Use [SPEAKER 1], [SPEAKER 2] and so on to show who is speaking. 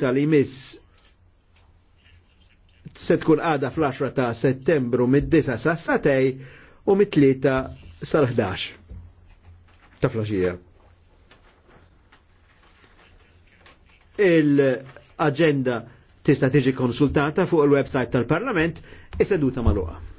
[SPEAKER 1] tal-imiss se tkun għada fl-10 ta' settembru mid-9 sa' satej u mid 3 sal-11 ta' flasġija. Il-agenda tista' tiġi konsultata fuq il-website tal-Parlament is-seduta maluqa.